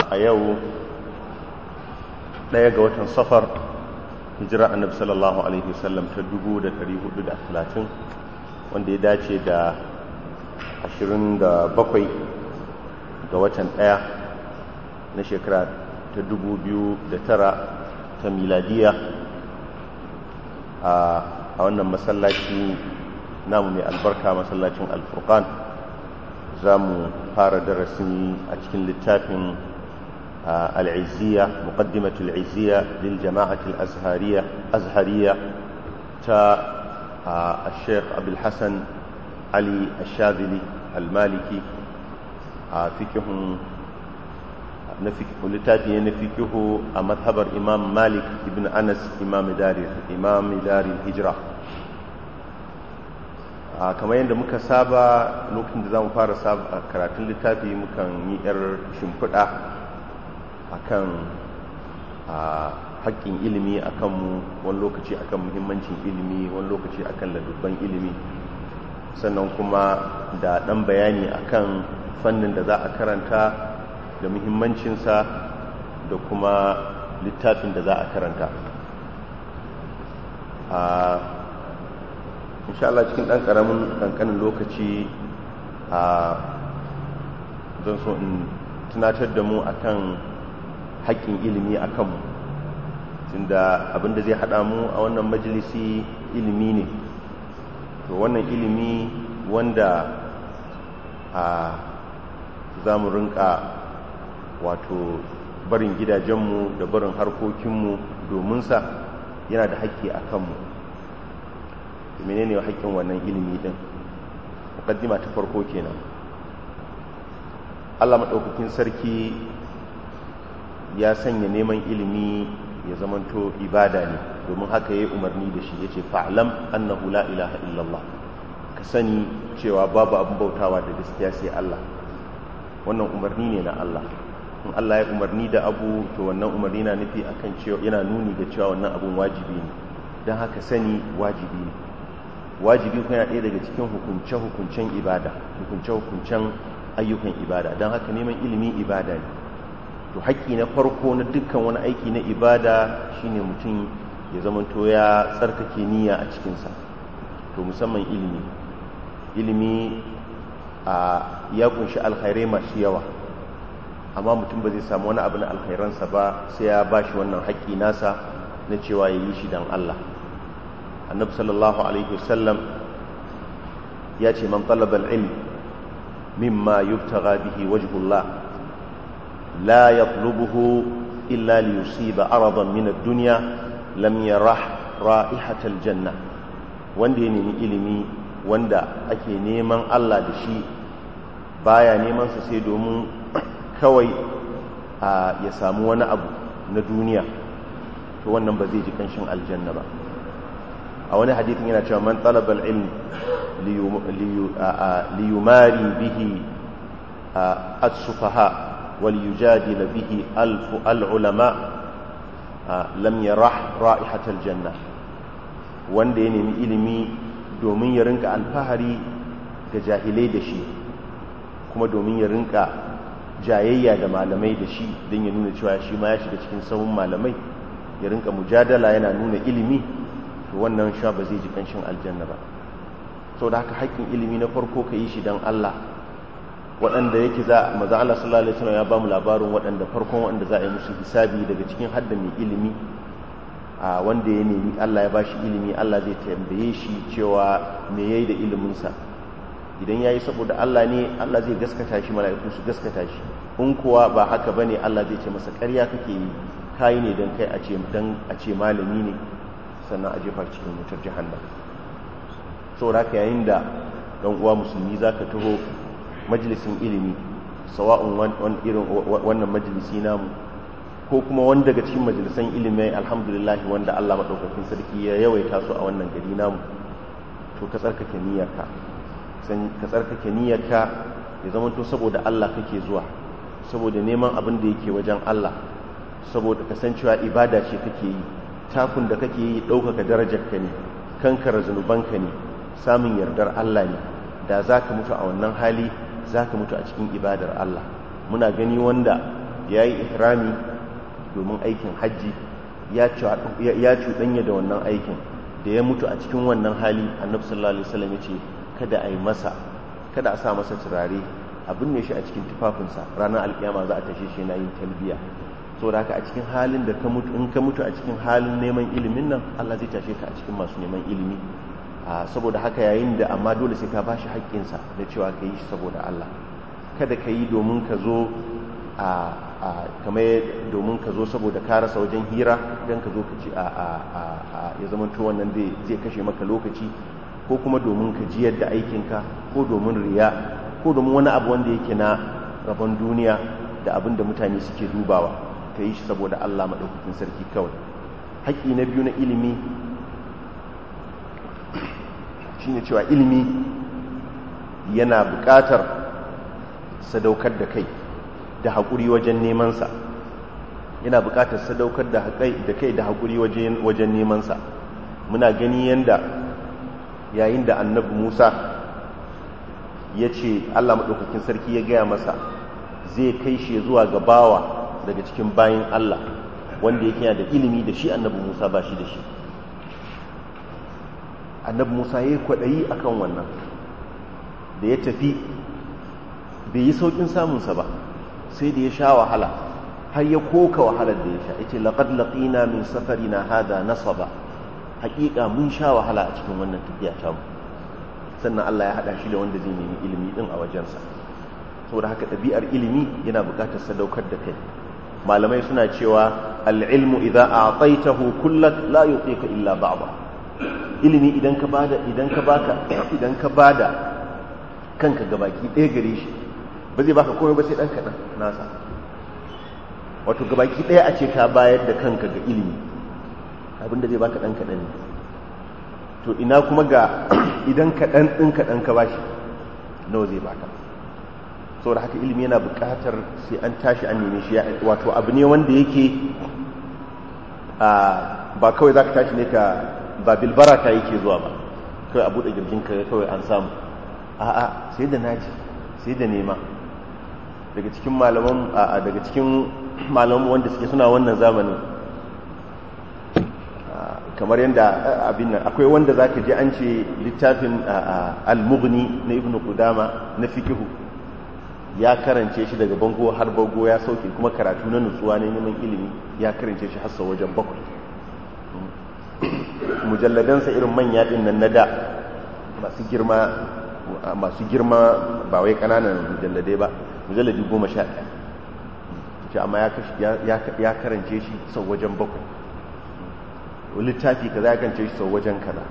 a yau ɗaya ga watan safar hijira annabi sallallahu alaihi wasallam ta talatin, wanda ya dace da bakwai ga watan ɗaya na shekara ta tara, ta miladiya a wannan masallaci namu mai albarka masallacin alfurkan za mu fara darasi a cikin littafin العزية مقدمة العزية للجماعة الأزهرية أزهرية تا الشيخ أبي الحسن علي الشاذلي المالكي فكه littafi ne na fikihu a mazhabar imam malik ibn anas imam darin hijira a kamar yadda muka saba lokacin da za mu fara karatun littafi mukan yi 'yar shimfiɗa akan a haƙƙin ilimi a kanmu wani lokaci akan muhimmancin ilimi wani lokaci akan ladubban ilimi sannan kuma da ɗan bayani akan fannin da za a karanta da muhimmancinsa da kuma littafin da za a karanta a inshallah cikin ɗan ƙaramin ƙanƙanin lokaci a zan so in tunatar da mu akan haƙƙin ilimi a kanmu abin da zai haɗa mu a wannan majalisi ilimi ne to wannan ilimi wanda a za mu rinka wato barin gidajenmu da barin harkokinmu sa, yana da haƙƙi a kanmu menene haƙƙin wannan ilimi ɗin muƙaddima ta farko kenan Allah maɗaukakin sarki ya sanya neman ilimi ya zamanto ibada ne domin haka ya yi umarni da shi ya ce fa'alam, annahu la ilaha illallah ka sani cewa babu abin bautawa da gaskiya sai Allah wannan umarni ne na Allah in Allah ya umarni da abu to wannan umarni na nufi akan cewa yana nuni da cewa wannan abun wajibi ne don haka sani wajibi ne wajibi kuma yana ɗaya daga cikin hukunce-hukuncen ibada hukunce-hukuncen ayyukan ibada don haka neman ilimin ibada ne to haƙƙi na farko na dukkan wani aiki na ibada shine mutum ya zama zamanto ya tsarkake niyya a cikinsa to musamman ilimi ilimi a ya kunshi alkhairai masu yawa amma mutum ba zai samu wani abu na alkhairansa ba sai ya ba shi wannan haƙƙi nasa na cewa ya yi shi don Allah annabi sallallahu alaihi wasallam ya ce man talaba ilmi ilm mimma yubtaga bihi wajhullah لا يطلبه إلا ليصيب عرضا من duniya لم يرح رائحة الجنة wanda ya nemi ilimi wanda ake neman Allah da shi baya neman sa sai domin kawai ya samu wani abu na duniya to wannan ba zai ji kanshin aljanna ba a wani hadithin yana cewa man talabal ilmi liyumari bihi as-sufaha وليجادل به ألف العلماء لم يرح رائحة الجنة wanda ya nemi ilimi domin ya rinka alfahari ga jahilai da shi kuma domin ya rinka jayayya da malamai da shi don ya nuna cewa shima ya shiga cikin sauran malamai ya rinka mujadala yana nuna ilimi to wannan sha ba zai ji kanshin aljanna ba sau da haka haƙƙin ilimi na farko ka yi shi dan allah waɗanda yake za maza Allah sallallahu alaihi wasallam ya ba mu labarin waɗanda farkon waɗanda za a yi musu hisabi daga cikin hadda mai ilimi a wanda ya nemi Allah ya ba shi ilimi Allah zai tambaye shi cewa me yayi da iliminsa idan ya yi saboda Allah ne Allah zai gaskata shi mala'iku su gaskata shi in kuwa ba haka ba ne Allah zai ce masa ƙarya kake yi ne don kai a ce a ce malami ne sannan a jefa cikin wutar jahannam saboda haka yayin da dan uwa musulmi zaka taho majalisin ilimi sawa'un irin wannan majalisi namu ko kuma wani daga cikin majalisan ilimai alhamdulillah wanda Allah maɗaukakin sarki ya yawaita su a wannan gari namu to ka tsarkake niyyarka ka tsarkake niyarka ya zama to saboda Allah kake zuwa saboda neman abin da yake wajen Allah saboda kasancewa ibada ce kake yi takun da kake yi ɗaukaka ka ne kankara zunubanka ne samun yardar Allah ne da za ka mutu a wannan hali za ka mutu a cikin ibadar Allah muna gani wanda ya yi ihrami domin aikin hajji ya cuɗanya da wannan aikin da ya mutu a cikin wannan hali annabi sallallahu alaihi wasallam ya ce kada a yi masa kada a sa masa turare abin binne shi a cikin tufafinsa ranar alkiyama za a tashe shi yana yin talbiya da haka a cikin halin da ka mutu in ka mutu a cikin halin neman ilimin nan Allah zai tashe ka a cikin masu neman ilimi Ah, saboda haka yayin da amma dole sai ka ba shi haƙƙinsa da cewa ka yi shi saboda Allah kada ka yi domin ka zo kamar domin ka zo saboda ka rasa wajen hira don ka zo ka ci a ya to wannan zai kashe maka lokaci ko kuma domin ka jiyar da aikinka ko domin riya ko domin wani abu wanda yake na rabon duniya da abin da mutane suke dubawa ka yi shi saboda Allah maɗaukakin sarki kawai haƙƙi na biyu na ilimi shine cewa ilimi yana buƙatar sadaukar da kai da haƙuri wajen nemansa yana buƙatar sadaukar da kai da haƙuri wajen nemansa muna gani yanda yayin da annabi musa ya ce allah maɗaukakin sarki ya gaya masa zai kai shi zuwa ga bawa daga cikin bayan allah wanda yake yana da ilimi da shi annabi musa ba shi da shi annabi musa ya yi kwaɗayi a kan wannan da ya tafi bai yi sauƙin samunsa ba sai da ya sha wahala har ya koka wahalar da ya sha ya ce laƙad laƙina min safari na hada nasa ba haƙiƙa mun sha wahala a cikin wannan tafiya tamu sannan allah ya haɗa shi da wanda zai nemi ilimi ɗin a wajensa saboda haka ɗabi'ar ilimi yana buƙatar sadaukar da kai malamai suna cewa al'ilmu idan a taitahu kullum la ka illa ba'da ilimi idan ka bada idan ka baka idan ka bada kanka gabaki ɗaya gare shi ba zai baka komai ba sai ɗan kaɗan nasa wato gabaki ɗaya a ce ka bayar da kanka ga ilimi abinda zai baka ɗan kaɗan ne to ina kuma ga idan kaɗan ɗin kaɗan ka bashi nawa zai baka saboda haka ilimi yana buƙatar sai an tashi an neme shi wato abu ne wanda yake ba kawai za ka tashi ne ka ba bilbaraka yake zuwa ba kawai a buɗe girgin ka kawai an samu a'a sai da naji sai da nema daga cikin malaman a'a daga cikin malaman wanda suke suna wannan zamanin kamar yadda abin nan akwai wanda zaka ji an ce littafin al-mughni na ibnu qudama na fikihu ya karance shi daga bango har bango ya sauke kuma karatu na nutsuwa ne neman ilimi ya karance shi har wajen bakwai mujalladansa irin manya din nan na da masu girma masu girma ba wai kananan mujalladai ba mujalladi goma sha ɗaya ce amma ya karance shi sau wajen bakwai littafi kaza ya karance shi sau wajen kaza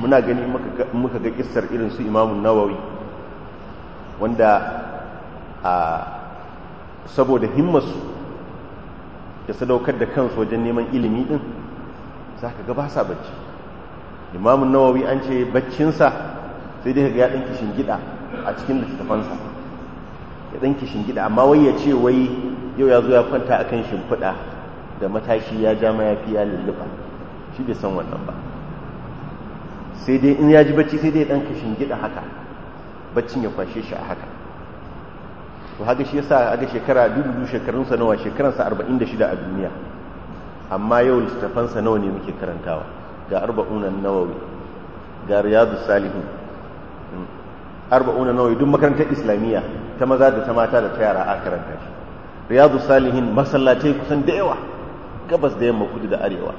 muna gani muka ga kissar irin su imamun nawawi wanda a saboda himmasu da sadaukar da kansu wajen neman ilimi din za ka ga ba sa bacci imamun nawawi an ce baccinsa sai dai ga ya ɗan kishin a cikin littattafansa ya ɗan kishin amma wai ya ce wai yau ya zo ya kwanta a kan shimfiɗa da matashi ya ja ma ya lullufa shi bai san wannan ba sai dai in ya ji bacci sai dai ɗan kishin gida haka baccin ya kwashe shi a haka to haka shi yasa ga shekara dubu shekarunsa nawa shekaransa 46 a duniya amma yau littafansa nawa ne muke karantawa ga arba'unan nawawi ga riyadu salihin hmm. arba'unan nawawi duk makarantar islamiyya ta maza da ta mata da ta yara a karanta shi riyadu salihin masallatai kusan da yawa gabas da yamma kudu da arewa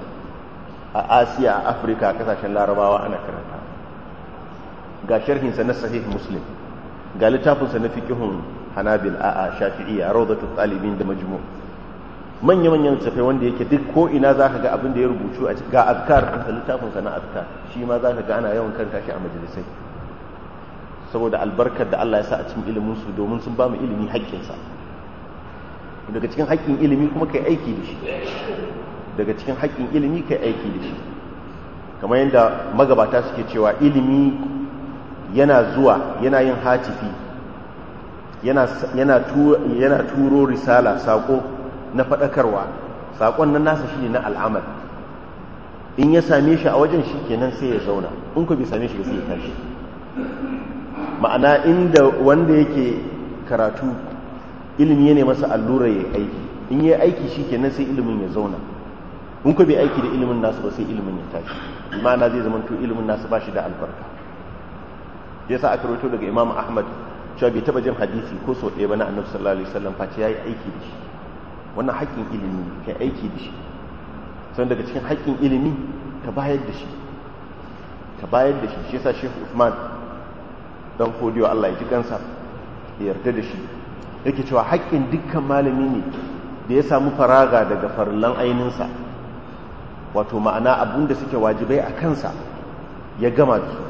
a asiya a afirka a kasashen larabawa ana karanta ga sharhinsa na sahih muslim ga littafinsa na fikihun hanabil a'a shafi'iyya rawdatul talibin da majmu' manya-manyan tafai wanda yake duk ko ina za ka ga abin da ya rubutu a ga azkar littafin littafinsa na azkar shi ma za ka ga ana yawan karanta shi a majalisai saboda albarkar da Allah ya sa a cikin iliminsu domin sun ba mu ilimi haƙƙinsa daga cikin haƙƙin ilimi kuma kai aiki da shi daga cikin haƙƙin ilimi kai aiki da shi kamar yadda magabata suke cewa ilimi yana zuwa yana yin hatifi yana turo risala saƙo na faɗakarwa saƙon nan nasa shi ne na al'amal in ya same shi a wajen shi kenan sai ya zauna in ku bi same shi sai ya tashi ma'ana inda wanda yake karatu ilimi ne masa allura ya aiki in ya aiki shi kenan sai ilimin ya zauna in ku bi aiki da ilimin nasu ba sai ilimin ya tashi ma'ana zai zama to ilimin nasu ba shi da albarka ya sa aka rawaito daga imam ahmad cewa bai taba jin hadisi ko sau ɗaya ba na annabi sallallahu alaihi wasallam face yi aiki da shi wannan haƙƙin ilimi ka aiki da shi sannan daga cikin haƙƙin ilimi ka bayar da shi ka bayar da shi shi yasa Sheikh Uthman don kodiyo Allah ya ji kansa ya yarda da shi yake cewa haƙƙin dukkan malami ne da ya samu faraga daga farlan aininsa wato ma'ana abun da suke wajibai a kansa ya gama da su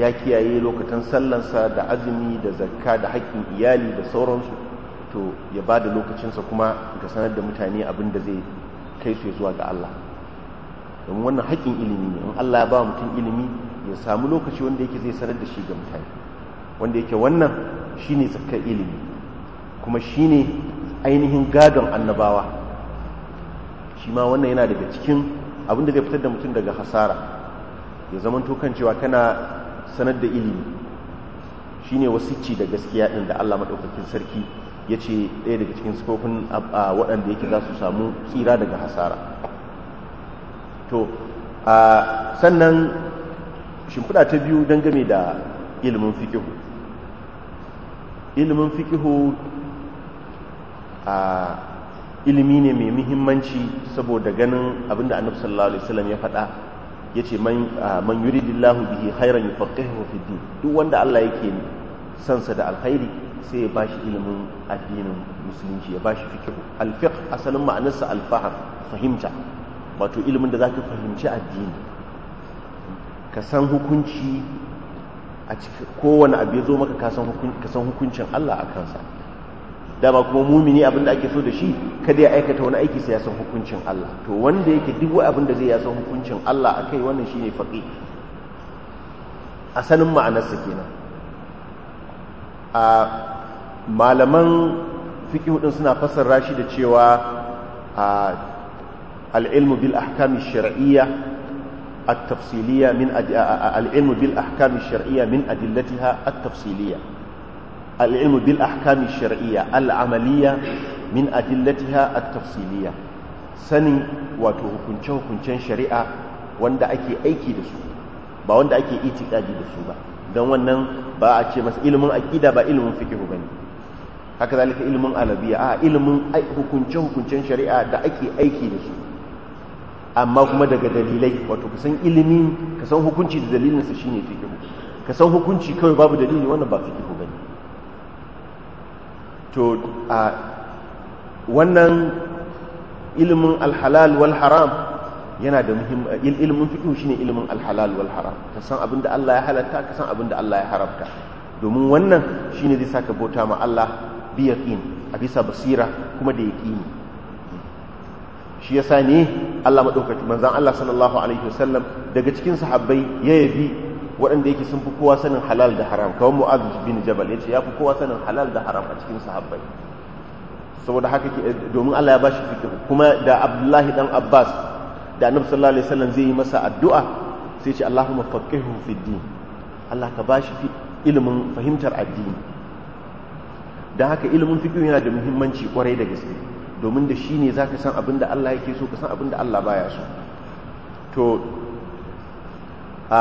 ya kiyaye lokacin sallansa da azumi da zakka da haƙƙin iyali da sauransu to ya ba da lokacinsa kuma ga sanar da mutane abin da zai kai su zuwa ga Allah domin wannan haƙƙin ilimi ne in Allah ya ba mutum ilimi ya samu lokaci wanda yake zai sanar da shi ga mutane wanda yake wannan shine zakar ilimi kuma shine ainihin gadon annabawa shi ma wannan yana daga cikin abin da zai fitar da mutum daga hasara ya zama kan cewa kana sanar da ilimi shi ne wasu ci da gaskiya ɗin da Allah maɗaukakin sarki ya ce ɗaya daga cikin sifofin waɗanda yake za su samu tsira daga hasara to sannan shimfiɗa ta biyu game da ilimin fikihu ilimin fikihu a ilimi ne mai muhimmanci saboda ganin abinda annabi sallallahu alaihi wasallam ya faɗa yace ce man yuridillahu bihi khairan yufaqihuhu fid din duk wanda Allah yake sansa da alkhairi sai ya bashi ilimin addinin musulunci ya bashi fikihu alfiq asalin ma'anarsa alfahar fahimta wato ilimin da ka fahimci addini ka san hukunci a cikin kowane abu ya zo maka ka san hukuncin Allah a kansa dama kuma mumini abinda ake so da shi kada ya aikata wani aiki sai ya san hukuncin Allah to wanda yake duk wani abin da zai ya san hukuncin Allah akai wannan shine faqi asalin ma'anarsa kenan a malaman fiqh din suna fasar rashi da cewa al-ilmu bil ahkami ash a tafsiliya min al-ilmu bil ahkami ash min adillati ha a tafsiliya al’ilmu bil ahkami ash al’amaliya min adillati ha a tafsiliya sanin wato hukunce-hukuncen shari'a wanda ake aiki da su ba wanda ake itikadi da su ba don wannan ba a ce masu ilimin aƙida ba ilimin fikihu ba ne haka zalika ilimin alabiya a ilimin hukunce-hukuncen shari'a da ake aiki da su amma kuma daga dalilai wato ka san ilimi ka san hukunci da dalilinsa shi ne fikihu ka san hukunci kawai babu dalili wannan ba fikihu bane to a wannan ilimin alhalal wal haram yana da muhim ilimin shi ne ilimin alhalal wal haram ka san abin da Allah ya halatta ka san abin da Allah ya haramta domin wannan shi ne zai saka bauta ma Allah biyaqin a bisa basira kuma da yaqini shi yasa ne Allah madaukaki manzon Allah sallallahu alaihi wasallam daga cikin sahabbai ya yabi waɗanda yake sun fi kowa sanin halal da haram kawai mu'adh bin jabal yace ya fi kowa sanin halal da haram a cikin sahabbai saboda haka ke domin Allah ya bashi fiqh kuma da Abdullahi dan Abbas da Annabi sallallahu alaihi wasallam zai yi masa addu'a sai ce Allahumma faqihhu fid din Allah ka bashi ilimin fahimtar addini da haka ilimin fiqh yana da muhimmanci kwarai da gaske domin da za ka san abin da Allah yake so ka san abin da Allah baya so to a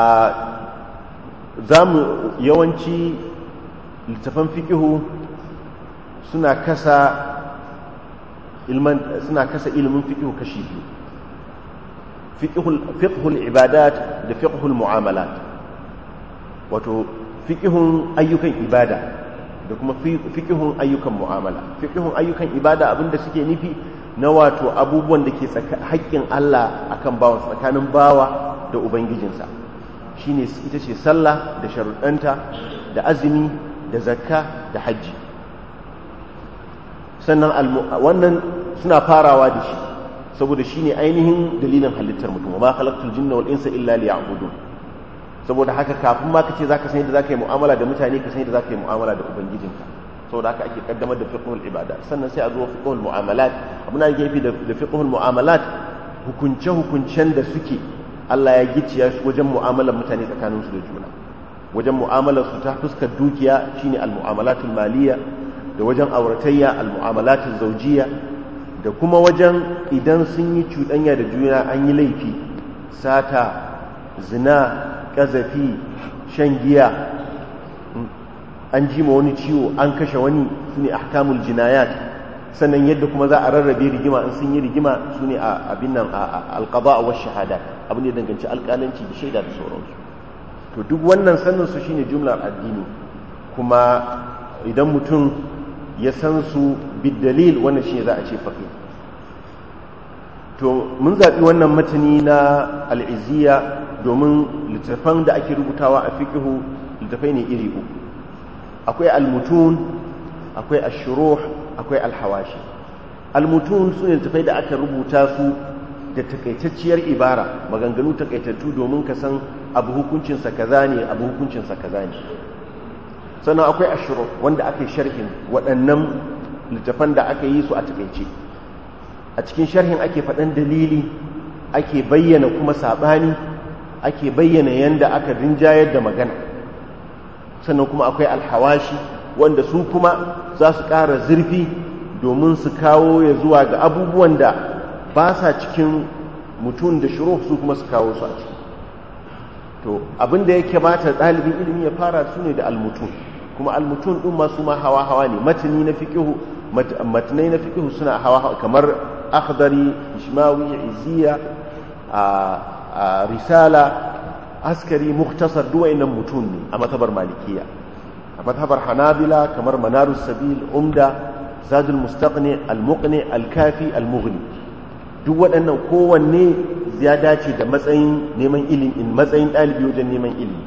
zamu yawanci littafan fiƙihu suna kasa ilman suna kasa ilimin fiqh kashi biyu ibadat da fiqhul mu'amalat wato fiƙihun ayyukan ibada da kuma fiƙihun ayyukan mu'amala Fiƙihun ayyukan ibada abinda suke nufi na wato abubuwan da ke haƙƙin Allah akan bawa tsakanin bawa da ubangijinsa shine ita ce sallah da sharuɗanta da azumi da zakka da hajji sannan wannan suna farawa da shi saboda shine ainihin dalilin halittar mutum ma khalaqtul jinna wal insa illa liya'budun saboda haka kafin ma kace zaka san yadda zaka yi mu'amala da mutane ka san yadda zaka yi mu'amala da ubangijinka saboda haka ake kaddamar da fiqhul ibada sannan sai a zo fiqhul mu'amalat abuna gefe da fiqhul mu'amalat hukunce hukuncen da suke Allah ya gicciya shi wajen mu'amalar mutane tsakanin su da juna wajen mu'amalar su ta fuskar dukiya shine al-mu'amalatul maliyya da wajen auratayya al-mu'amalatul zawjiyya da kuma wajen idan sun yi cudanya da juna an yi laifi sata zina ƙazafi shan giya an ji ma wani ciwo an kashe wani su ne ahkamul jinayat sannan yadda kuma za a rarrabe rigima in sun yi rigima su ne a abin nan a alƙaba a wasu shahada abin da ya danganci alƙalanci da shaida da sauransu to duk wannan sannan su shine jumlar addini kuma idan mutum ya san su bidalil wannan shi za a ce fafi to mun zaɓi wannan matani na al'iziya domin littafan da ake rubutawa a fiƙihu littafai ne iri uku akwai almutun akwai ashuruh akwai alhawashi almutun su ne littafai da aka rubuta su da takaitacciyar ibara maganganu takaitattu domin ka san abu hukuncinsa ka ne abu hukuncinsa ne sannan akwai ashiru wanda aka yi sharhin waɗannan littafan da aka yi su a takaice a cikin sharhin ake faɗan dalili ake bayyana kuma saɓani ake bayyana yadda aka rinjayar da magana sannan kuma akwai alhawashi wanda su kuma za su ƙara zurfi domin su kawo ya zuwa ga abubuwan da ba sa cikin mutum da shiru su kuma su kawo su a ciki to abinda yake mata ɗalibin ilimi ya fara su ne da almutum kuma almutun ɗin masu ma hawa-hawa ne matani na fiƙihu matanai na fiƙihu suna hawa-hawa kamar akhdari ishmawi iziya a A risala askari muktasar duwa inan mutum ne a matabar malikiya a matabar hanabila kamar manarus sabil umda zadul mustaqni al-muqni al-kafi al-mughni duk waɗannan kowanne ya dace da matsayin neman ilimi matsayin ɗalibi wajen neman ilimi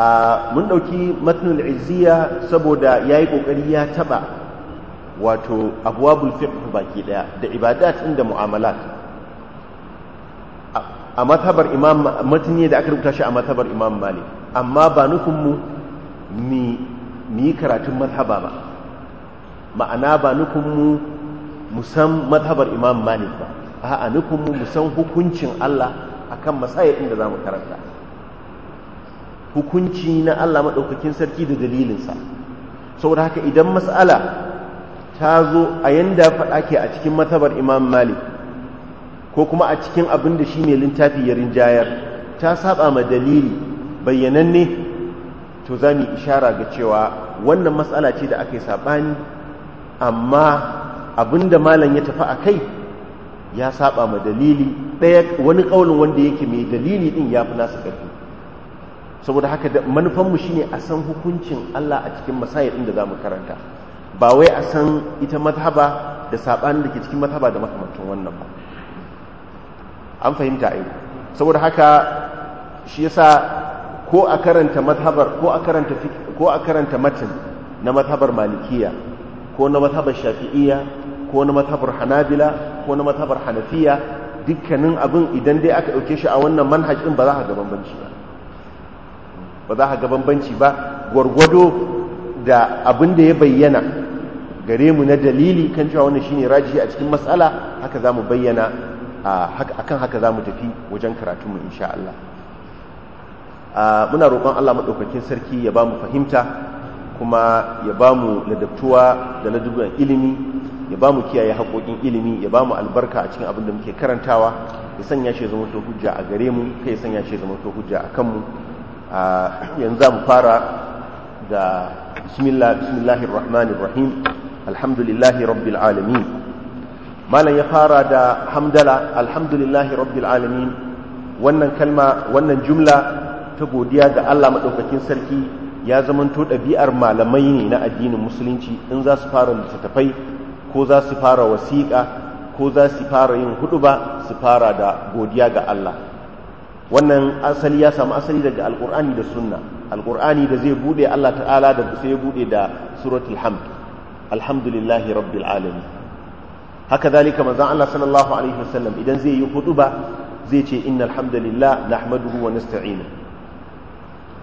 a mun ɗauki matnul izziya saboda ya yi ƙoƙari ya taɓa wato abuwabul fiqh baki ɗaya da ibadat inda mu'amalat a matabar imam matni da aka rubuta shi a matabar imam mali, amma ba nufin mu yi karatun mazhaba ba ma'ana ba nufin mu musan mazhabar imam mali ba a'a nufin mu musan hukuncin Allah akan masayar inda mu karanta hukunci na Allah maɗaukakin sarki da dalilinsa saboda haka idan matsala ta zo a yanda faɗa ke a cikin matabar imam malik ko kuma a cikin abin da shi ne littafi ya rinjayar ta saba ma dalili bayyananne to za mu ishara ga cewa wannan matsala ce da aka yi saɓani amma abin da malam ya tafi a kai ya saba ma dalili ɗaya wani ƙaunin wanda yake mai dalili ɗin ya fi nasa ƙarfi saboda haka da manufanmu ne a san hukuncin Allah a cikin masayar ɗin da za mu karanta ba wai a san ita mazhaba da saɓani da ke cikin mazhaba da makamantan wannan ba an fahimta ai saboda haka shi yasa ko a karanta madhabar ko a karanta ko a karanta matan na madhabar malikiya ko na madhabar shafi'iyya ko na madhabar hanabila ko na madhabar hanafiya dukkanin abin idan dai aka dauke shi a wannan manhaj din ba za ka ga bambanci ba ba za ka ga bambanci ba gwargwado da abin da ya bayyana gare mu na dalili kan cewa wannan shine rajihi a cikin matsala haka za mu bayyana akan haka za mu tafi wajen karatunmu insha Allah muna roƙon Allah maɗaukakin sarki ya ba mu fahimta kuma ya ba mu ladabtuwa da ladabtuwan ilimi ya ba mu kiyaye haƙoƙin ilimi ya ba mu albarka a cikin abin da muke karantawa ya sanya shi zama to hujja a gare mu kai ya sanya shi zama to hujja a kanmu yanzu za mu fara da bismillah bismillahir rahmanir rahim alhamdulillahi rabbil alamin malam ya fara da hamdala alhamdulillahi rabbil alamin wannan kalma wannan jumla ta godiya ga Allah madaukakin sarki ya zamanto ɗabi'ar malamai ne na addinin musulunci in za su fara littattafai ko za su fara wasiƙa ko za su fara yin huduba su fara da godiya ga Allah wannan asali ya samu asali daga alkur'ani da sunna alkur'ani da zai bude Allah ta'ala da sai ya bude da suratul hamd alhamdulillahi rabbil alamin haka zalika manzon Allah sallallahu alaihi wasallam idan zai yi huɗuba zai ce innal hamdalillah nahmaduhu wa nasta'inu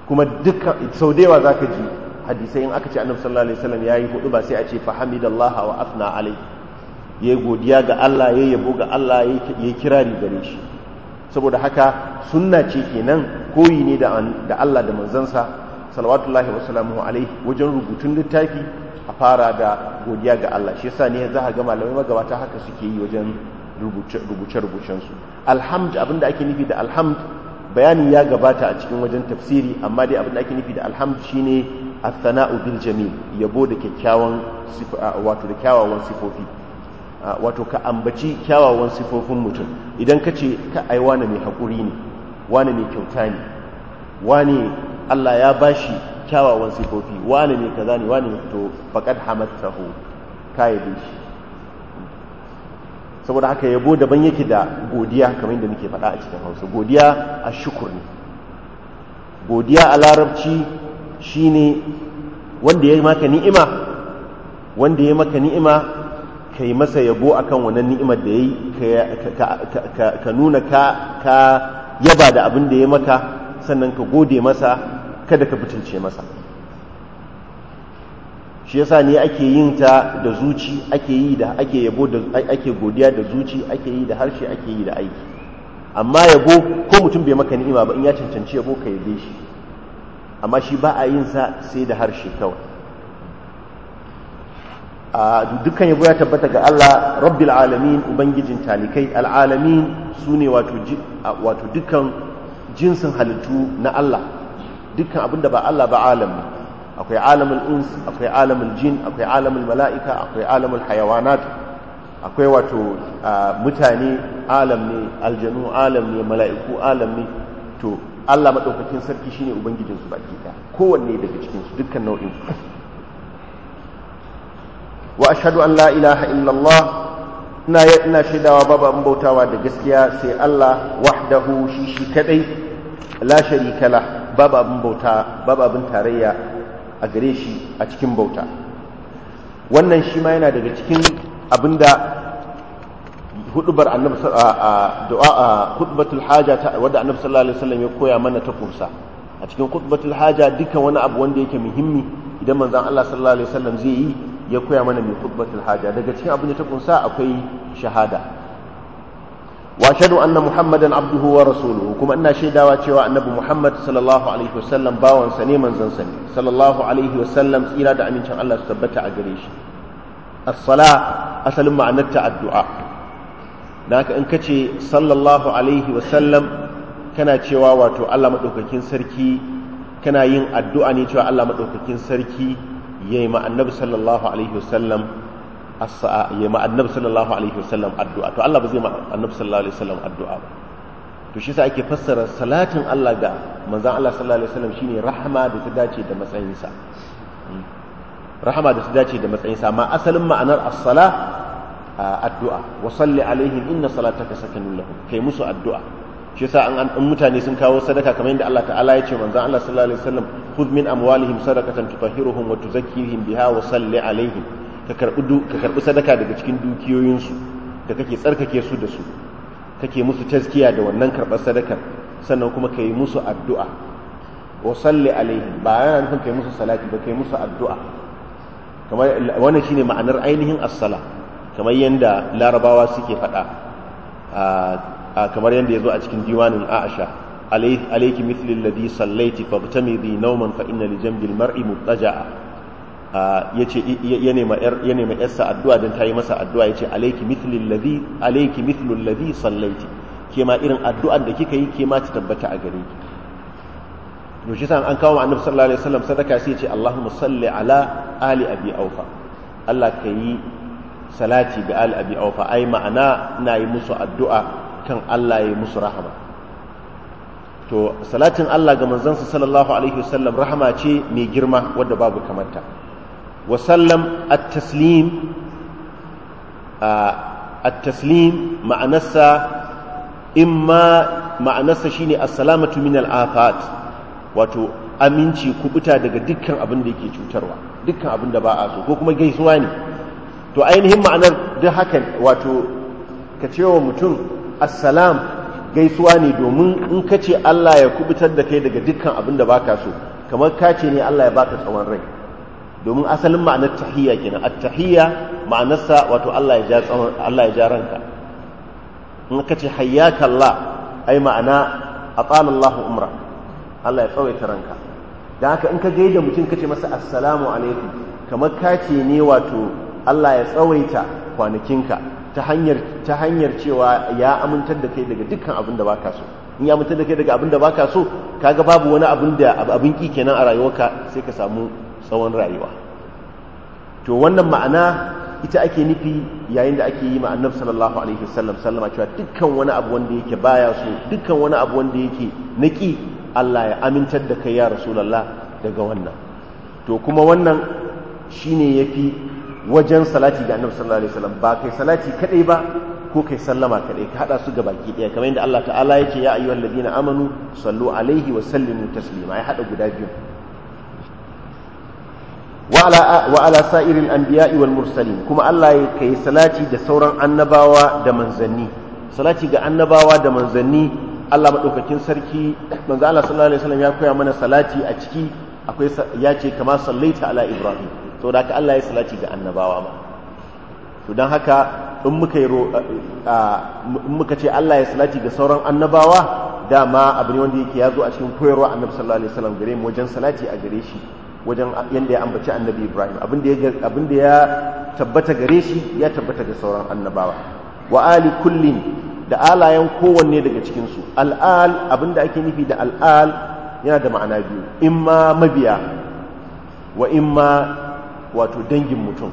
kuma duka sau da yawa zaka ji hadisai in aka ce annabi sallallahu alaihi wasallam yayi ba sai a ce fa wa afna alaihi yayi godiya ga Allah yayi yabo ga Allah yayi kirari gare shi saboda haka sunna ce kenan koyi ne da Allah da manzansa salawatullahi wa salamu alaihi wajen rubutun littafi a fara da godiya ga Allah shi yasa ne za a ga malamai magabata haka suke yi wajen rubuce rubucensu alhamd abinda ake nufi da alhamd bayanin ya gabata a cikin wajen tafsiri amma dai abinda ake nufi da alhamd shine athana'u bil jamil yabo da kyakkyawan wato da kyawawan sifofi wato ka ambaci kyawawan sifofin mutum idan ka ce ka ai ne mai haƙuri ne wani mai kyauta ne wani Allah ya ba shi kyawawan sifofi wani ne kaza ne wani ne to faqad hamattahu kayi shi saboda haka yabo daban yake da godiya kamar yadda muke faɗa a cikin Hausa godiya a shukur ne godiya a larabci shi ne wanda ya maka ni'ima wanda ya maka ni'ima ka yi masa yabo a kan wannan ni'imar da ya yi ka nuna ka yaba da abin da ya maka sannan ka gode masa kada ka fitince masa shi yasa ne ake yin ta da zuci ake yi da ake yabo da ake godiya da zuci ake yi da harshe ake yi da aiki amma yabo ko mutum bai maka ni'ima ba in ya cancanci yabo ka yabe shi amma shi ba a yin sa sai da harshe kawai a dukkan yabo ya tabbata ga Allah rabbil alamin ubangijin talikai alalamin sune wato wato dukkan jinsin halittu na Allah dukkan abin da ba Allah ba alam akwai alamul ins akwai alamul jin akwai alamul mala'ika akwai alamul hayawanat akwai wato mutane alam ne aljanu alam ne mala'iku alam ne to Allah madaukakin sarki shine ubangijin su baki ɗaya kowanne daga cikin su dukkan nau'in wa ashhadu an la ilaha illallah ina ina shaidawa babu an bautawa da gaskiya sai Allah wahdahu shi shi kadai la sharika babu abin bauta babu abin tarayya a gare shi a cikin bauta wannan shi ma yana daga cikin abinda hudubar hudubatul haja wadda annabi sallallahu alaihi wasallam ya koya mana ta kursa a cikin hudubatul haja dukkan wani abu wanda yake muhimmi idan manzan Allah sallallahu alaihi wasallam zai yi ya koya mana mai hudubatul haja daga cikin abin da ta kursa akwai shahada واشهد ان محمدا عبده ورسوله كما ان شهدوا cewa annabi Muhammad sallallahu alaihi wasallam bawan sa ne manzon sa ne sallallahu alaihi wasallam tsira da amincin Allah su tabbata a gare shi as-sala asalin ma'anar ta addu'a naka in kace sallallahu alaihi wasallam kana cewa wato Allah madaukakin sarki kana yin addu'a ne cewa Allah madaukakin sarki yayi ma annabi sallallahu alaihi wasallam ya ma annabi sallallahu alaihi wasallam addu'a to Allah ba zai ma annabi sallallahu alaihi wasallam addu'a ba to shi sa ake fassara salatin Allah ga manzon Allah sallallahu alaihi wasallam shine rahama da ta dace da matsayinsa hmm. rahama da ta dace da matsayinsa amma asalin ma'anar as-sala addu'a wa salli alaihim inna salataka sakanun lahum kai musu addu'a shi yasa an mutane sun kawo sadaka kamar yadda Allah ta'ala ya ce manzon Allah sallallahu alaihi wasallam khudh min amwalihim sadaqatan tutahhiruhum wa tuzakkihim biha wa salli alaihim ka karɓi sadaka daga cikin dukiyoyinsu da kake tsarkake su da su kake musu taskiya da wannan karɓar sadakar sannan kuma ka yi musu addu'a O salli alaihi ba yana nufin ka yi musu salati ba ka yi musu addu'a Wani shi shine ma'anar ainihin assala kamar yadda larabawa suke faɗa kamar yadda ya zo a cikin diwanin a'asha alaiki mithlil ladi sallaiti fabtami bi nauman fa inna li jambil mar'i muttaja'a ya nema yarsa addu'a don ta yi masa addu'a ya ce alaiki mithlul ladhi sallaiti ke ma irin addu'an da kika yi ke ma ta tabbata a gare ki to shi an kawo annabi sallallahu alaihi wasallam sadaka sai ce Allahumma salli ala ali abi aufa Allah ka yi salati ga ali abi aufa ai ma'ana na yi musu addu'a kan Allah ya yi musu rahama to salatin Allah ga manzansa sallallahu alaihi wasallam rahama ce mai girma wadda babu kamanta wasallam التسليم taslim at-taslim ma'anarsa imma ma'anarsa shine as-salamatu min al-afat wato aminci kubuta daga dukkan abin da yake cutarwa dukkan abin da ba a so ko kuma gaisuwa ne to ainihin ma'anar duk haka wato ka ce wa mutum assalam gaisuwa ne domin in ka ce Allah ya kubutar da kai daga dukkan abin da baka so kamar ka ce ne Allah ya baka tsawon rai domin asalin ma'anar tahiyya kenan at-tahiyya ma'anarsa wato Allah ya ja tsawon Allah ya ja ranka in ka ce hayyaka Allah ai ma'ana atana Allahu umra Allah ya tsawaita ranka dan haka in ka gaida mutum ka ce masa assalamu alaikum kamar ka ce ne wato Allah ya tsawaita kwanakinka ta hanyar ta hanyar cewa ya amintar da kai daga dukkan abin da baka so in ya amintar da kai daga abin da baka so kaga babu wani abin da abin ki kenan a rayuwarka sai ka samu tsawon rayuwa to wannan ma'ana ita ake nufi yayin da ake yi ma annabi sallallahu alaihi wasallam sallama cewa dukkan wani abu wanda yake baya so dukkan wani abu wanda yake naki Allah ya amintar da kai ya rasulullah daga wannan to kuma wannan shine yafi wajen salati ga annabi sallallahu alaihi wasallam ba kai salati kadai ba ko kai sallama kadai ka hada su ga baki daya kamar yadda Allah ta'ala yake ya ayyuhal ladina amanu sallu alaihi wa sallimu taslima ya hada guda biyu wa ala sa'iril anbiya'i wal mursalin kuma Allah ya kai salati da sauran annabawa da manzanni salati ga annabawa da manzanni Allah madaukakin sarki manzo Allah sallallahu alaihi wasallam ya koya mana salati a ciki akwai ya ce kama sallaita ala ibrahim to da haka Allah ya salati ga annabawa ma to dan haka in muka yi in muka ce Allah ya salati ga sauran annabawa dama abin ne wanda yake yazo a cikin koyarwa annabi sallallahu alaihi wasallam gare mu wajen salati a gare shi wajen yadda ya ambaci annabi ibrahim abinda ya tabbata gare shi ya tabbata ga sauran annabawa wa ali da alayen kowanne daga cikinsu al'al abinda ake nufi da al'al yana da ma'ana biyu in ma mabiya wa in ma wato dangin mutum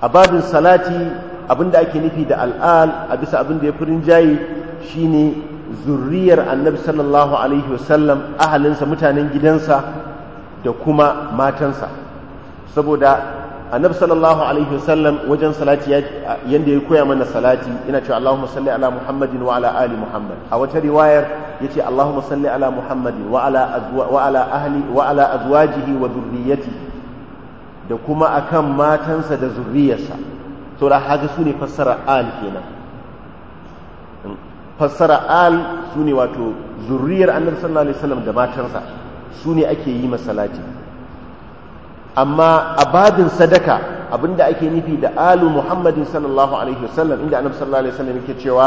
a babin salati abinda ake nufi da al'al a bisa abinda ya furin jayi shine zurriyar annabi sallallahu alaihi wasallam ahalinsa mutanen gidansa da kuma matansa saboda annab sallallahu alaihi wasallam wajen salati yadda ya koya mana salati yana cewa Allahumma salli ala Muhammadin wa ala ali Muhammad a wata riwayar yace Allahumma salli ala Muhammadin wa ala wa ala ahli wa ala azwajihi wa dhurriyyatihi da kuma akan matansa da zurriyarsa saboda haka sune fassara al kenan fassara al sune wato zurriyar annabi sallallahu alaihi wasallam da matansa su ne ake yi masalati amma a babin sadaka abinda ake nufi da alu muhammadin sallallahu alaihi wasallam inda annabi sallallahu alaihi wasallam yake cewa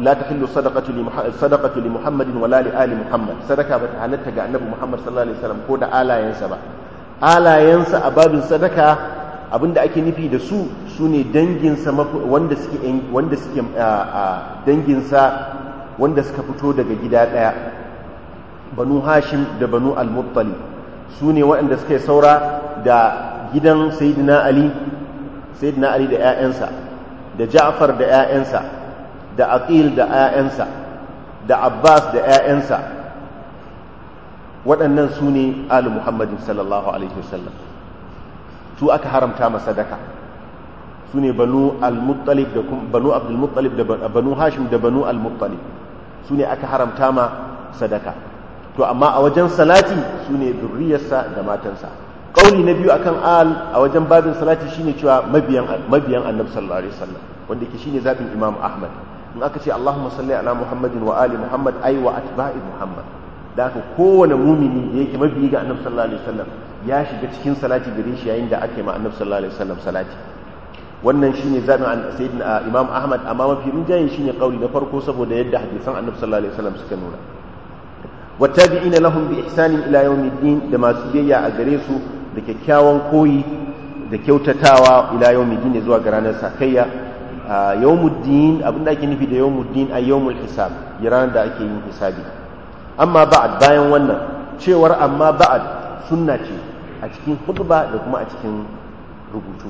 la tahillu sadaqatu li sadaqatu li muhammadin la li ali muhammad sadaka ba ta halatta ga annabi muhammad sallallahu alaihi wasallam ko da alayansa ba alayansa a babin sadaka abinda ake nufi da su su ne danginsa wanda suke wanda suke sa wanda suka fito daga gida daya banu hashim da banu al-muttali su ne waɗanda suka saura da gidan sayidina ali da 'ya'yansa da ja'far da 'ya'yansa da aqil da 'ya'yansa da abbas da 'ya'yansa waɗannan su ne ali muhammadin sallallahu alaihi wasallam su aka haramta masa sadaka su ne banu al-muttalib da banu abdul muttalib da banu hashim da banu al-muttalib su ne aka haramta ma sadaka to amma a wajen salati su ne zurriyarsa da matansa ƙauli na biyu akan al a wajen babin salati shine cewa mabiyan mabiyan annabi sallallahu alaihi wasallam wanda yake shine zabin imam ahmad in aka ce allahumma salli ala muhammadin wa ali muhammad ai wa atba'i muhammad da ka kowane mumini da yake mabiyi ga annabi sallallahu alaihi wasallam ya shiga cikin salati gare shi yayin da ake ma annabi sallallahu alaihi wasallam salati wannan shine zamin an sayyidina imam ahmad amma mafi rinjaye shine kauli na farko saboda yadda hadisan annabi sallallahu alaihi wasallam suka nuna wattabi'ina lahum bi ihsanin ila yawmiddin da masu biyayya a gare su da kyakkyawan koyi da kyautatawa ila yawmiddin ne zuwa ga ranar sakayya yawmuddin abin da ake nufi da yawmuddin a yawmul hisab ranar da ake yin hisabi amma ba'ad bayan wannan cewar amma ba'ad sunna ce a cikin hudba da kuma a cikin rubutu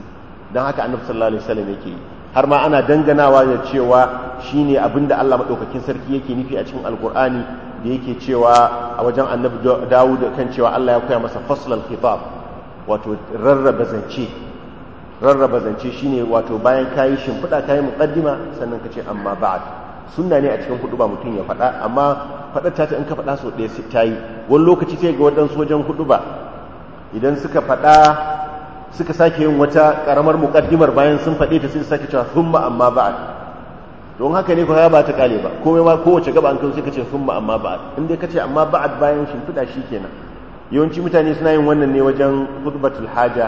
don haka annabi sallallahu alaihi wasallam yake yi har ma ana danganawa da cewa shi shine abinda Allah madaukakin sarki yake nufi a cikin alkur'ani da yake cewa a wajen annabi dawud kan cewa Allah ya koya masa faslal khitab wato rarraba zance rarraba zance shine wato bayan kayi shimfiɗa kayi muqaddima sannan ka ce amma ba'd sunna ne a cikin hudu ba mutum ya faɗa amma faɗar ta ta in ka faɗa so ɗaya sai ta yi wani lokaci sai ga waɗansu wajen hudu idan suka faɗa suka sake yin wata ƙaramar muƙaddimar bayan sun faɗe ta sai sake cewa thumma amma ba'd don haka ne kuma ba ta kale ba komai ma kowace gaba an kai sai kace summa amma ba'ad in dai kace amma ba'ad bayan shi kenan yawanci mutane suna yin wannan ne wajen khutbatul haja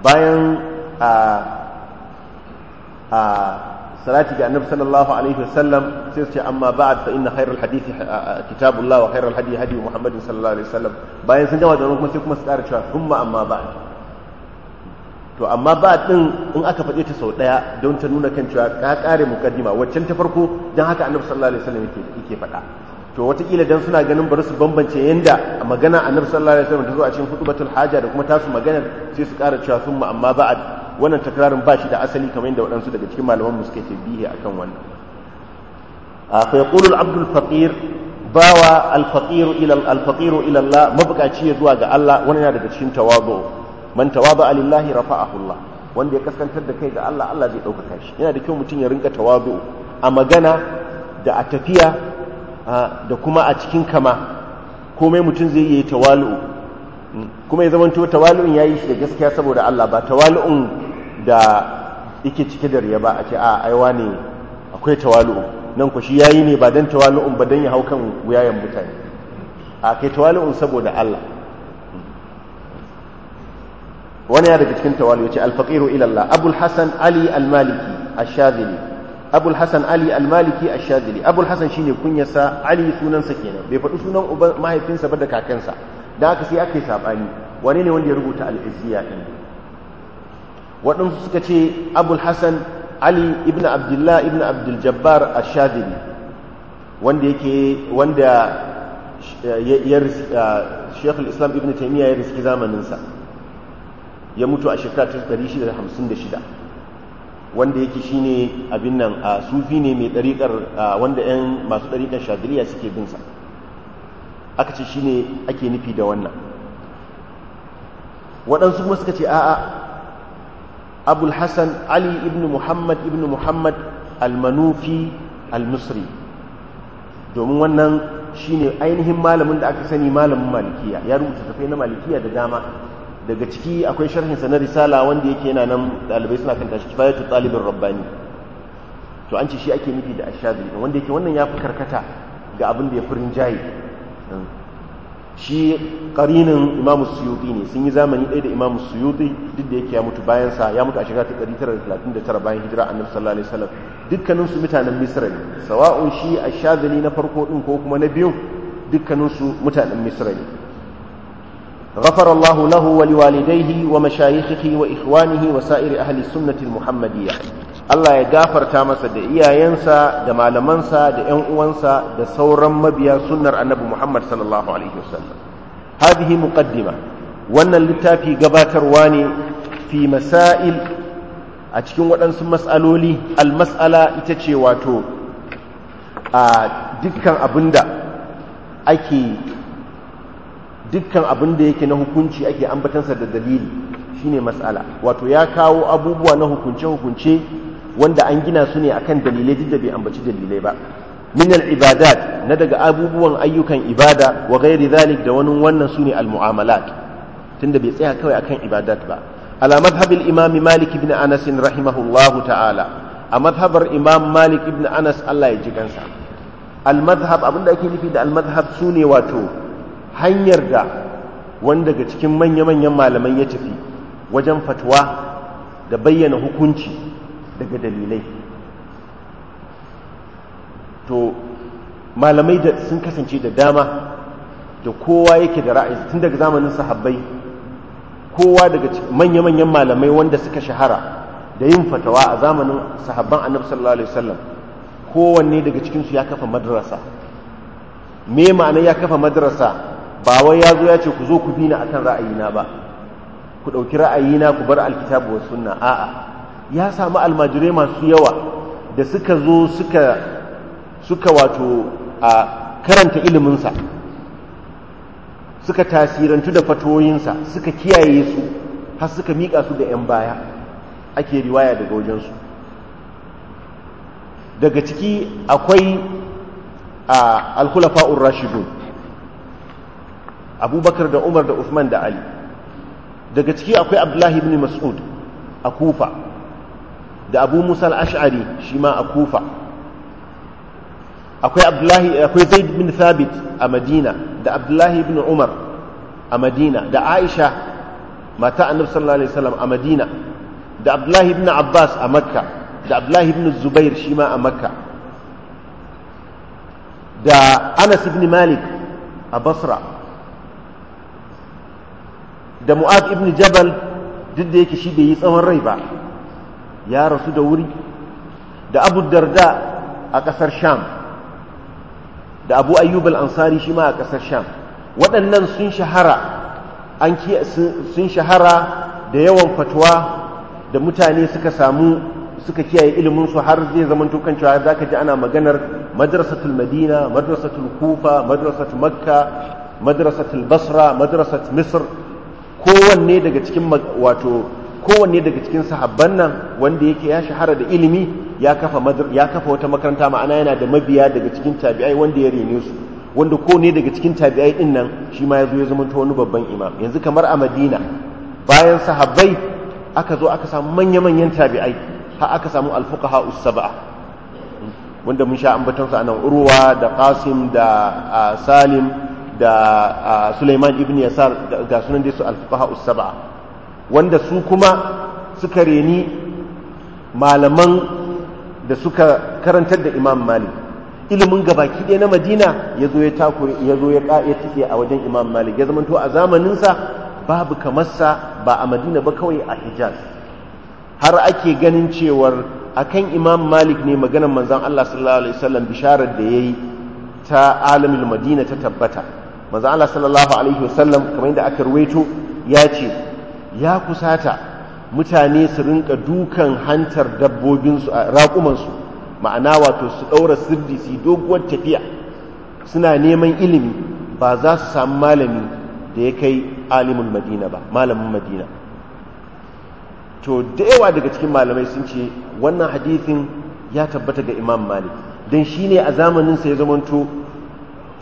bayan a a salati ga annabi sallallahu alaihi wasallam sai su ce amma ba'ad fa inna khairal hadithi kitabullah wa khairal hadi hadi muhammadin sallallahu alaihi wasallam bayan sun gama da kuma sai kuma su ƙara cewa summa amma ba'ad to amma ba din in aka faɗe ta sau ɗaya don ta nuna kan cewa ka ƙare mukaddima waccan ta farko don haka annabi sallallahu alaihi wasallam yake yake faɗa to wataƙila dan suna ganin bari su bambance yanda magana annabi sallallahu alaihi wasallam ta zo a cikin hutubatul haja da kuma tasu magana, sai su ƙara cewa summa amma ba'ad wannan takrarin ba shi da asali kamar yadda waɗansu daga cikin malaman mu suke bihi akan wannan ah, fa yaqulu al abdul al-faqir bawa al-faqir ila al-faqir ila Allah mabukaci zuwa ga Allah wannan yana daga cikin tawadu man tawaba lillahi rafa'ahu Allah wanda ya kaskantar da kai ga Allah Allah zai ɗaukaka shi yana da kyau mutum ya rinka tawadu a magana da a tafiya da kuma a cikin kama komai mutum zai yi tawalu mm. kuma ya zamanto tawalu'un yayi shi da gaskiya saboda Allah ba tawalu'un da yake cike da riya ba a ce a aiwa ne akwai tawalu nan ku shi yayi ne ba dan tawalu'un ba dan ya hau kan wuyayen mutane a kai tawalu'un saboda Allah wani ya daga cikin tawali yace al-faqiru ila Abul Hasan Ali Almaliki a ash-Shadhili Abul Hasan Ali Almaliki a ash-Shadhili Abul Hasan shine kunyarsa Ali sunansa kenan bai faɗi sunan uban mahaifinsa ba da kakansa da aka sai aka yi sabani wane ne wanda ya rubuta al-Izziya din waɗansu suka ce Abul Hasan Ali ibn Abdullah ibn Abdul Jabbar ash-Shadhili wanda yake wanda eh, ya Sheikh al-Islam ibn Taymiyyah ya riski zamaninsa ya mutu a shekara 1656 wanda yake shine abin nan a sufi ne mai ɗariƙar wanda 'yan masu ɗariƙar shadiriya suke binsa aka ce shine ake nufi da wannan waɗansu kuma suka ce a'a abul hassan ali ibn muhammad ibn muhammad al-manufi al musri domin wannan shine ainihin malamin da aka sani malamin malikiya ya rubuta tafai na malikiya da dama daga ciki akwai sharhinsa na risala wanda yake yana nan dalibai suna shi kifaya ta tsalibin rabbani to an ce shi ake nufi da ashabi wanda yake wannan ya fi karkata ga abin da ya fi rinjaye hmm. shi karinin imamu suyuti ne sun yi zamani ɗaya da imamu suyuti duk da yake ya mutu bayansa ya mutu a shekara ta 939 bayan hijira annabi sallallahu alaihi wasallam dukkaninsu mutanen misra ne sawa'un shi ashadili na farko ɗin ko kuma na biyun dukkaninsu mutanen misra ne غفر الله له ولوالديه ومشايخه وإخوانه وسائر أهل السنة المحمدية الله يغفر تامسا دا إيا ينسى دا مالمنسى دا ينقوانسى دا سورا مبيا سنة النبي محمد صلى الله عليه وسلم هذه مقدمة وأن اللتافي قباتر واني في مسائل أتكون وأنس مسألولي المسألة إتشي واتو آه دكا أبندا أكي dukkan abin da yake na hukunci ake ambatansa da dalili shine matsala wato ya kawo abubuwa na hukunce-hukunce wanda an gina su ne akan dalilai duk da bai ambaci dalilai ba Minal ibadat na daga abubuwan ayyukan ibada wa gairi zalik da wani wannan ne al-mu'amalat tunda bai tsaya kawai akan ibadat ba ala madhhabil imam malik ibn anas rahimahullahu ta'ala a madhhabar imam malik ibn anas Allah ya ji kansa al-madhhab abinda ake nufi da al-madhhab sune wato hanyar da wani daga cikin manya-manyan malaman ya tafi wajen fatwa da bayyana hukunci daga dalilai to malamai da sun kasance da dama da kowa yake da ra'ayi tun daga zamanin sahabbai kowa daga manya-manyan malamai wanda suka shahara da yin fatawa a zamanin sahabban annabi sallallahu alaihi wasallam kowanne daga cikinsu ya kafa madrasa me ma'ana ya kafa madrasa ba wai ya zo ya ce ku zo ku bi ni akan ra'ayina ba ku ɗauki ra'ayina ku bar alkitabu wa sunna a'a ya samu almajirai masu yawa da suka zo suka suka wato a karanta iliminsa suka tasirantu da fatoyinsa suka kiyaye su har suka miƙa su da 'yan baya ake riwaya daga wajensu daga ciki akwai a alkhulafa'ur rashidun abubakar da umar da usman da ali daga ciki akwai abdullahi ibn mas'ud a kufa da abu musa al-ash'ari shi ma a kufa akwai abdullahi akwai zaid ibn thabit a madina da abdullahi ibn umar a madina da aisha mata annabi sallallahu alaihi wasallam a madina da abdullahi ibn abbas a makka da abdullahi ibn zubair shi ma a makka da anas ibn malik a basra da mu'ad ibn jabal duk da yake shi bai yi tsawon rai ba ya rasu da wuri da abu darda a ƙasar sham da abu ayyub al-ansari shi ma a ƙasar sham waɗannan sun shahara an sun shahara da yawan fatuwa da mutane suka samu suka kiyaye iliminsu har zai zaman tukan cewa za ka ji ana maganar madrasatul madina madrasatul kufa madrasatul makka madrasatul basra madrasatul misr kowanne daga cikin wato kowanne daga cikin sahabban nan wanda yake ya shahara da ilimi ya kafa ya kafa wata makaranta ma'ana yana da mabiya daga cikin tabi'ai wanda ya rene su wanda kowanne daga cikin tabi'ai din nan shi ma ya zo ya zama ta wani babban imam yanzu kamar a Madina bayan sahabbai aka zo aka samu manya-manyan tabi'ai har aka samu al-fuqaha us wanda mun sha ambaton su anan urwa da qasim da salim da Sulaiman ibn Yasar ga sunan da su al-fuqaha wanda su kuma suka reni malaman da suka karantar da Imam Malik ilimin gabaki ɗaya na Madina ya zo ya takure ya zo ya tike a wajen Imam Malik ya zamanto a zamanin sa babu kamar sa ba a Madina ba kawai a Hijaz har ake ganin cewar akan Imam Malik ne maganar manzon Allah sallallahu alaihi wasallam bisharar da yayi ta alamul Madina ta tabbata maza Allah sallallahu alaihi wasallam kamar yadda aka ruwaito ya ce ya kusata mutane su rinka dukan hantar dabbobinsu a raƙumansu ma'ana wato su ɗaura sirdi su doguwar tafiya suna neman ilimi ba za su samu malami da ya kai alimin madina ba malamin madina to da yawa daga cikin malamai sun ce wannan hadithin ya tabbata ga imam malik don shi ne a zamaninsa ya zamanto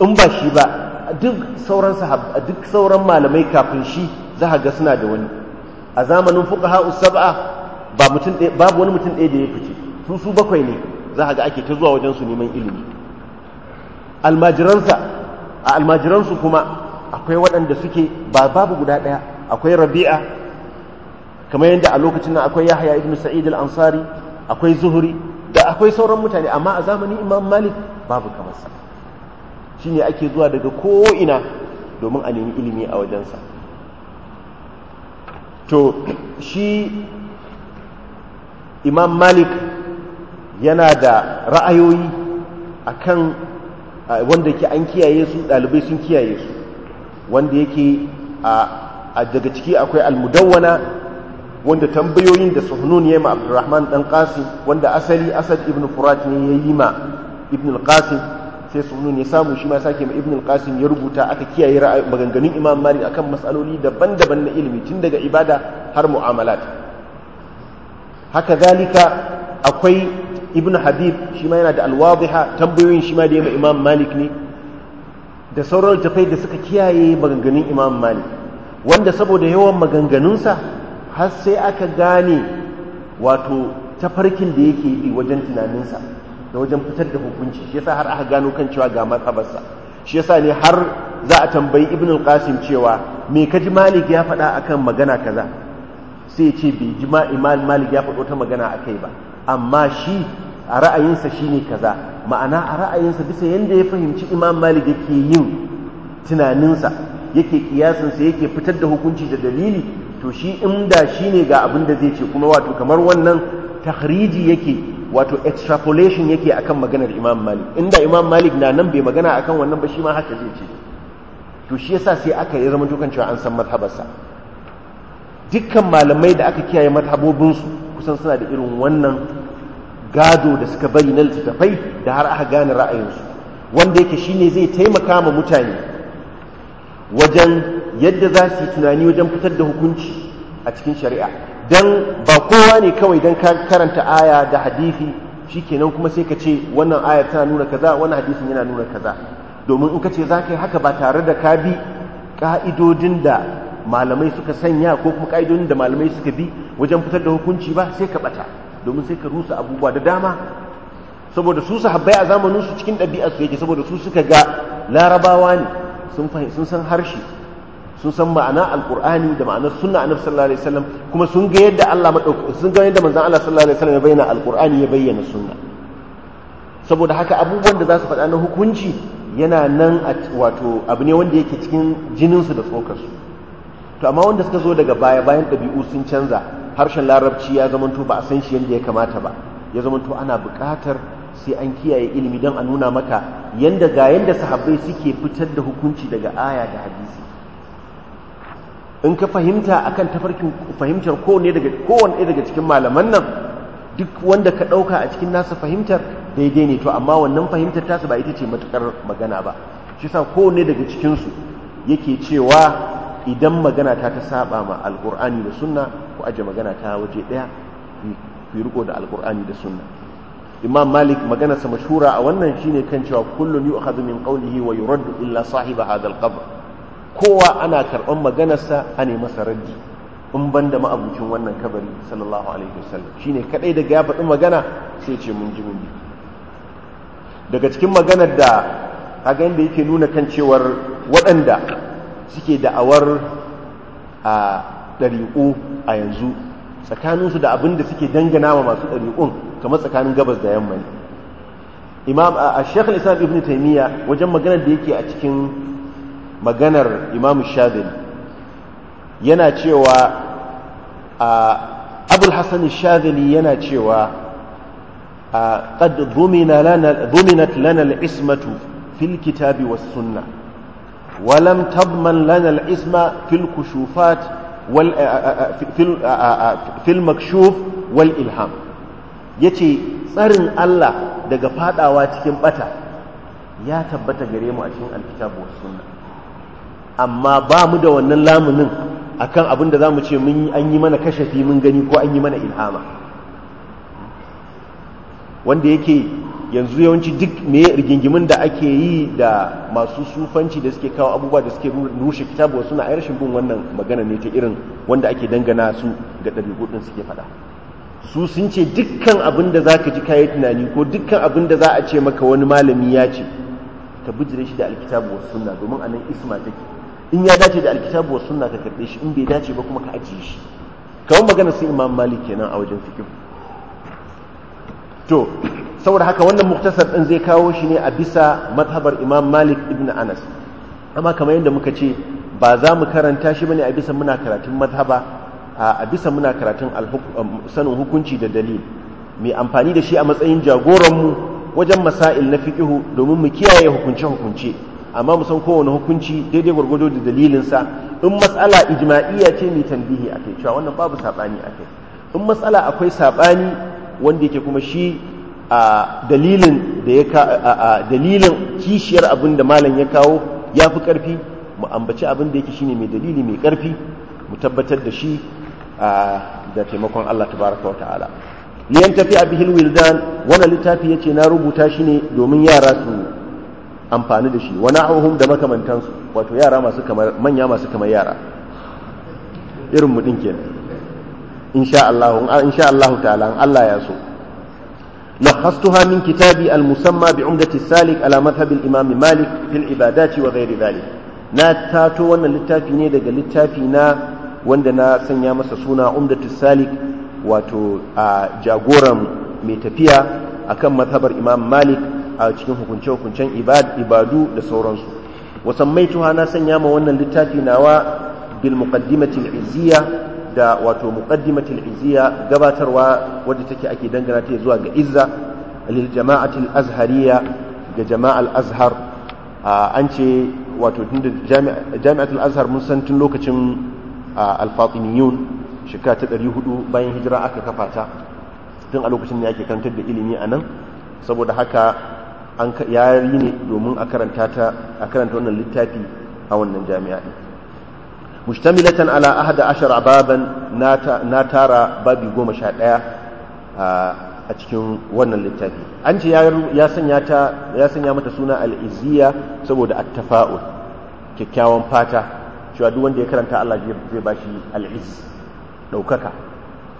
in ba shi ba duk sauran sahab duk sauran malamai kafin shi za ga suna da wani a zamanin ha'u sab'a babu wani mutum ɗaya da ya fice su su bakwai ne za ga ake ta zuwa wajen su neman ilimi almajiransa a almajiransu kuma akwai waɗanda suke ba babu guda ɗaya akwai rabi'a kamar yadda a lokacin nan akwai yahya ibn sa'id al-ansari akwai zuhuri da akwai sauran mutane amma a zamanin imam malik babu kamar sa shine ake zuwa daga ko'ina domin a nemi ilimi a wajensa to shi imam malik yana da ra'ayoyi a kan wanda ke an kiyaye su ɗalibai sun kiyaye su wanda yake a daga ciki akwai almudawwana wanda tambayoyin da suhunun ya yi ma abdurrahman ɗan ƙasi wanda asali asad ibn furat ne ya yi ma ibn al sai sunun ya samu shi ma sake ma ibn al-qasim ya rubuta aka kiyaye maganganun imam malik akan matsaloli daban-daban na ilimi tun daga ibada har mu'amalat haka zalika akwai ibn habib shi ma yana da al wadhiha tambayoyin shi ma da yamma imam malik ne da sauran tafai da suka kiyaye maganganun imam malik wanda saboda yawan maganganunsa har sai aka gane wato tafarkin da yake yi wajen tunaninsa da wajen fitar da hukunci shi yasa har aka gano kan cewa ga mazhabarsa shi yasa ne har za a tambayi ibn al-qasim cewa me kaji malik ya faɗa akan magana kaza sai ya ce bai ji imam malik ya faɗo ta magana akai ba amma shi a ra'ayinsa shine kaza ma'ana a ra'ayinsa bisa yanda ya fahimci imam malik yake yin tunaninsa yake kiyasinsa yake fitar da hukunci da dalili to shi inda shine ga abin da zai ce kuma wato kamar wannan tahriji yake wato extrapolation yake akan maganar imam malik inda imam malik na nan bai magana akan wannan ba shi ma haka zai ce to shi yasa sai aka yi zaman dukan cewa an san mazhabarsa dukkan malamai da aka kiyaye su kusan suna da irin wannan gado da suka bari na littattafai da har aka gane ra'ayinsu wanda yake shine zai taimaka ma mutane wajen yadda za su yi tunani wajen fitar da hukunci a cikin shari'a dan ba kowa ne kawai dan karanta aya da hadisi shikenan kuma sai ka ce wannan aya tana nuna kaza wannan hadisin yana nuna kaza domin in ka ce za ka yi haka ba tare da ka bi ka'idodin da malamai suka sanya ko kuma ka'idodin da malamai suka bi wajen fitar da hukunci ba sai ka bata domin sai ka rusa abubuwa da dama saboda su sahabbai a zamanin su cikin ɗabi'a su yake saboda su suka ga larabawa ne sun san harshe sun san ma'ana alkurani da ma'anar sunna annabi sallallahu alaihi wasallam kuma sun ga yadda Allah madauki sun ga yadda manzon Allah sallallahu alaihi wasallam ya bayyana alkur'ani ya bayyana sunna saboda haka abubuwan da za su faɗa na hukunci yana nan wato abu ne wanda yake cikin jininsu da tsokarsu to amma wanda suka zo daga baya bayan ɗabi'u sun canza harshen larabci ya zama zamanto ba a san shi yadda ya kamata ba ya zama zamanto ana buƙatar sai an kiyaye ilimi don a nuna maka yadda ga yadda sahabbai suke fitar da hukunci daga aya da hadisi in ka fahimta akan tafarkin fahimtar kowane daga cikin malaman nan duk wanda ka ɗauka a cikin nasa fahimtar daidai ne to amma wannan fahimtar tasu ba ita ce matukar magana ba shi sa kowane daga cikinsu yake cewa idan magana ta ta saba ma Alƙur'ani da sunna ko aje magana ta waje ɗaya ku riko da alkur'ani da sunna imam malik maganarsa mashura a wannan shine kan cewa kullun yu'khadhu min qawlihi wa raddu illa sahiba hadha al kowa ana karɓar maganarsa a ne masa raddi in ban da ma'abucin wannan kabari sallallahu alaihi wasallam ne kaɗai daga ya faɗi magana sai ce mun ji mun bi daga cikin maganar da ga yadda yake nuna kan cewar waɗanda suke da'awar a ɗariƙo a yanzu tsakaninsu da abin da suke dangana wa masu ɗariƙun kamar tsakanin gabas da yamma ne imam a shekhar isa ibn taimiyya wajen maganar da yake a cikin maganar imam shadili yana cewa a abul yana cewa qad dhuminat lana lanar ismatu fil kitabi was sunnah ولم تضمن لنا الاسم في الكشوفات fil في في ilham. Ya yace tsarin Allah daga fadawa cikin bata ya tabbata gare mu a cikin alkitabu wa sunna amma ba mu da wannan lamunin akan abin da za mu ce an yi mana kashafi mun gani ko an yi mana ilhama wanda yake yanzu yawanci duk me rigingimin da ake yi da masu sufanci da suke kawo abubuwa da suke rushe kitabuwa suna a rashin bin wannan magana ne ta irin wanda ake dangana su ga ɗabi'u din suke faɗa su sun ce dukkan abin da za ka ji kayi tunani ko dukkan abin da za a ce maka wani malami ya ce ka bijire shi da alkitabuwa suna sunna domin nan isma take in ya dace da alkitabu wa sunna ka karbe shi in bai dace ba kuma ka ajiye shi kawai magana sun imam malik kenan a wajen fikin to saboda haka wannan muktasar ɗin zai kawo shi ne a bisa mazhabar imam malik ibn anas amma kamar yadda muka ce ba za mu karanta shi bane a bisa muna karatun mazhaba a bisa muna karatun um, sanin hukunci da dalil mai amfani da shi a matsayin jagoranmu wajen masail na fiqihu domin mu kiyaye hukunce-hukunce amma mu san kowane hukunci daidai gwargwado da dalilinsa in matsala ijma'iyya ce mai tambihi kai cewa wannan babu saɓani kai in matsala akwai saɓani wanda yake kuma shi a dalilin da ya dalilin kishiyar abin da malam ya kawo ya fi ƙarfi mu ambaci abin da yake shine mai dalili mai ƙarfi mu tabbatar da shi da taimakon Allah tabaraka wa ta'ala liyan tafi a bihil wildan wannan littafi yace na rubuta shi ne domin yara su amfani da shi wa na'uhum da makamantansu wato yara masu kamar manya masu kamar yara irin mu din kenan insha Allah insha Allah ta'ala Allah ya so لخصتها من كتابي المسمى بعمدة السالك على مذهب malik مالك في wa وغير ذلك na tato wannan littafi ne daga littafi na wanda na sanya masa suna umdatu salik wato a jagoran mai tafiya akan mazhabar imam malik a cikin hukunce-hukuncen ibadu da sauransu tuha na sanya ma wannan littafi nawa bil muqaddimatil izziya da wato muqaddimatil izziya gabatarwa wadda take ake dangana ta zuwa ga izza lil jama'atil azhariya ga jama'al azhar an ce wato tunda jami'atul azhar mun san tun lokacin al-fatimiyun shekara ta 400 bayan hijira aka kafa ta tun a lokacin ne ake kantar da ilimi anan saboda haka ya yi ne domin a karanta wannan littafi a wannan jami'a ɗin mustamilatan ala ahada ashar baban na tara babi goma sha ɗaya a cikin wannan littafi an ce ya sanya mata suna al'iziya saboda attafa'ul kyakkyawan fata cewa duk wanda ya karanta Allah zai ba shi al'iz ɗaukaka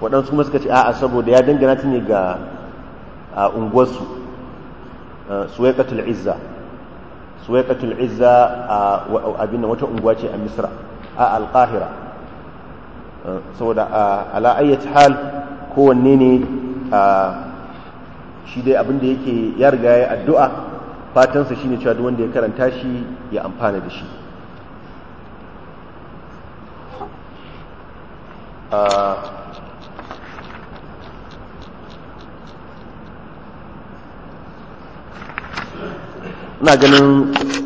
waɗansu kuma suka ce a'a saboda ya dangana ta ne ga unguwarsu suwaikatul izza suwaikatul izza a abin wata unguwa ce a misra a alkahira saboda ala'ayyar hal kowanne ne shi dai abinda yake ya riga ya addu'a fatansa shine cewa wanda ya karanta shi ya amfana da shi a ina ganin